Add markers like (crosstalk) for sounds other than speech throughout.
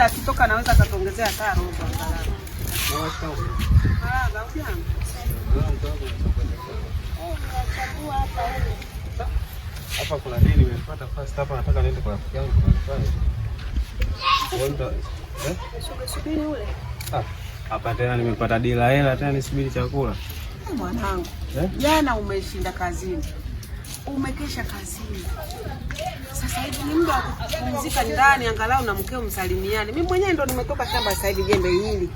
labda akitoka anaweza akatuongezea hata robo hapa kuna nini nimepata fast hapa, nataka niende kwa rafiki yangu eh? ah, hapa tena, nimepata dila hela tena, nisubiri chakula. Mwanangu eh? jana umeshinda kazini, umekesha kazini ni muda wa kupumzika ndani, angalau na mkeo msalimiane. Mimi mwenyewe ndo nimetoka shamba sasa hivi jembe hili.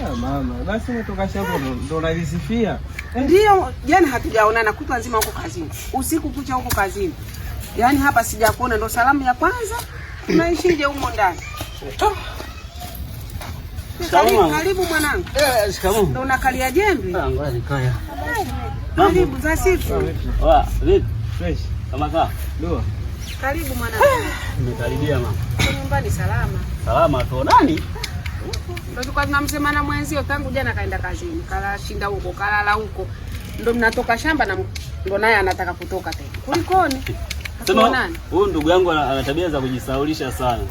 Yeah, mama basi umetoka shamba ndo unavisifia? Eh. Ndio, jana yaani hatujaonana, kutwa nzima huko kazini, usiku kucha huko kazini, yaani hapa sijakuona, ndo salamu ya kwanza. Unaishije humo ndani? Karibu, karibu mwanangu. Eh, shikamoo. Ndo unakalia jembe? Ah, ngoja nikae. Karibu za siku. Poa, vipi? Fresh. Kama sawa. Ndio. Karibu mwanangu. (sighs) Nimekaribia mama. Nyumbani salama. Salama tu. Nani? Ndio tulikuwa tunamsema na mwenzio tangu jana kaenda kazini. Kala shinda huko, kalala huko. Ndio mnatoka shamba na ndio naye anataka kutoka tena. Kulikoni? (laughs) Sema huyu ndugu yangu ana tabia za kujisaulisha sana.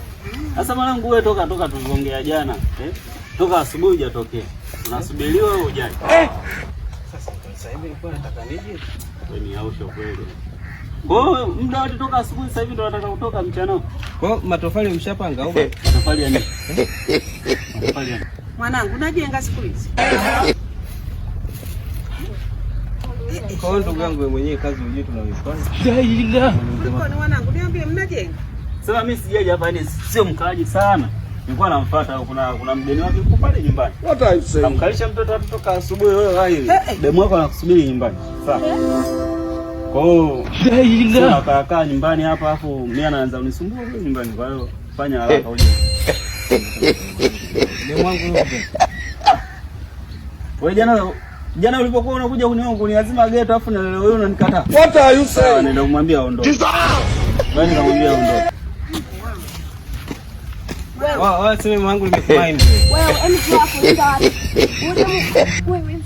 Sasa mwanangu wewe toka toka tuongea jana, eh? Toka asubuhi hujatokea. Unasubiriwa wewe ujaje? Eh. Sasa sasa hivi nilikuwa nataka nije. Wewe ni ausho kweli. Kwa hiyo muda wote toka asubuhi sasa hivi ndo nataka kutoka mchana. Kwa hiyo matofali au? (laughs) Matofali ya nini? Matofali ya nini? Mwanangu unajenga siku hizi. Kwa hiyo ndugu yangu mwenyewe kazi Daila. ni mwanangu niambie mnajenga. Sasa mimi sijaje hapa ni sio mkaaji sana. Nilikuwa namfuata kuna kuna mgeni wake yuko pale nyumbani. What Namkalisha mtoto asubuhi wewe hai. Demu wako anakusubiri nyumbani. Sawa. Kwa hiyo sio kaa nyumbani hapa afu mimi anaanza unisumbua kule nyumbani. Kwa hiyo fanya haraka eh. uje. Wewe jana jana ulipokuwa unakuja kuniona kuniazima gate afu na leo unanikataa. What are you saying? Naenda kumwambia aondoke. Wewe nikamwambia aondoke. Wao, wao sema mwangu nimekumaini. Wewe, hebu kwa kwa. Wewe, wewe.